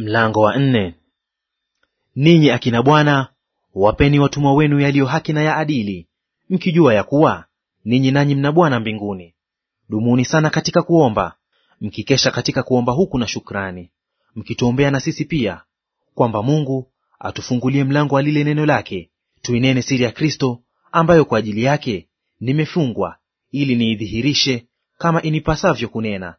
Mlango wa nne. Ninyi akina bwana, wapeni watumwa wenu yaliyo haki na ya adili, mkijua ya kuwa ninyi nanyi mna Bwana mbinguni. Dumuni sana katika kuomba, mkikesha katika kuomba huku na shukrani, mkituombea na sisi pia, kwamba Mungu atufungulie mlango wa lile neno lake, tuinene siri ya Kristo, ambayo kwa ajili yake nimefungwa, ili niidhihirishe kama inipasavyo kunena.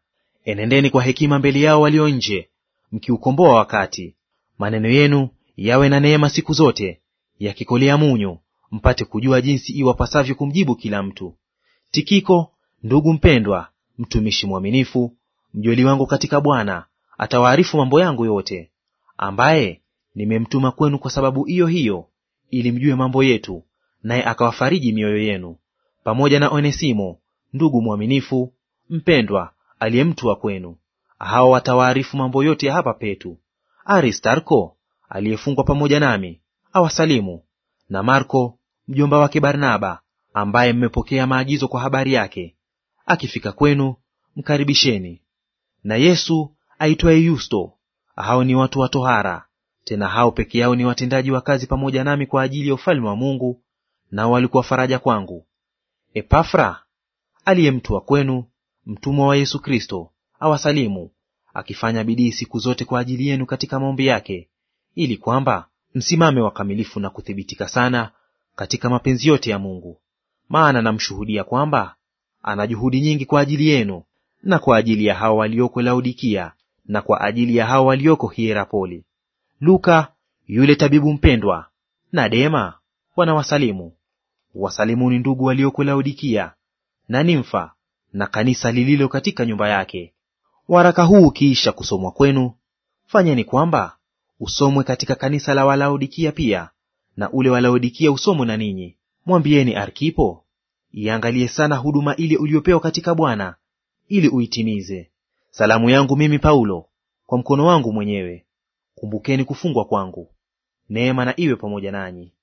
Enendeni kwa hekima mbele yao walio nje mkiukomboa wakati. Maneno yenu yawe na neema siku zote, yakikolea munyu, mpate kujua jinsi iwapasavyo kumjibu kila mtu. Tikiko ndugu mpendwa, mtumishi mwaminifu, mjoli wangu katika Bwana, atawaarifu mambo yangu yote, ambaye nimemtuma kwenu kwa sababu iyo hiyo, ili mjue mambo yetu, naye akawafariji mioyo yenu, pamoja na Onesimo ndugu mwaminifu mpendwa, aliye mtu wa kwenu hawa watawaarifu mambo yote ya hapa petu. Aristarko aliyefungwa pamoja nami awasalimu, na Marko mjomba wake Barnaba, ambaye mmepokea maagizo kwa habari yake. Akifika kwenu mkaribisheni. Na Yesu aitwaye Yusto. Hao ni watu wa tohara, tena hao peke yao ni watendaji wa kazi pamoja nami kwa ajili ya ufalme wa Mungu, nao walikuwa faraja kwangu. Epafra aliyemtua kwenu, mtumwa wa Yesu Kristo, awasalimu akifanya bidii siku zote kwa ajili yenu katika maombi yake, ili kwamba msimame wakamilifu na kuthibitika sana katika mapenzi yote ya Mungu. Maana namshuhudia kwamba ana juhudi nyingi kwa ajili yenu na kwa ajili ya hao walioko Laodikia na kwa ajili ya hao walioko Hierapoli. Luka yule tabibu mpendwa na Dema wanawasalimu. Wasalimuni ndugu walioko Laodikia na Nimfa na kanisa lililo katika nyumba yake. Waraka huu ukiisha kusomwa kwenu, fanyeni kwamba usomwe katika kanisa la Walaodikia pia, na ule Walaodikia usomwe na ninyi. Mwambieni Arkipo, iangalie sana huduma ile uliyopewa katika Bwana, ili uitimize. Salamu yangu mimi Paulo kwa mkono wangu mwenyewe. Kumbukeni kufungwa kwangu. Neema na iwe pamoja nanyi.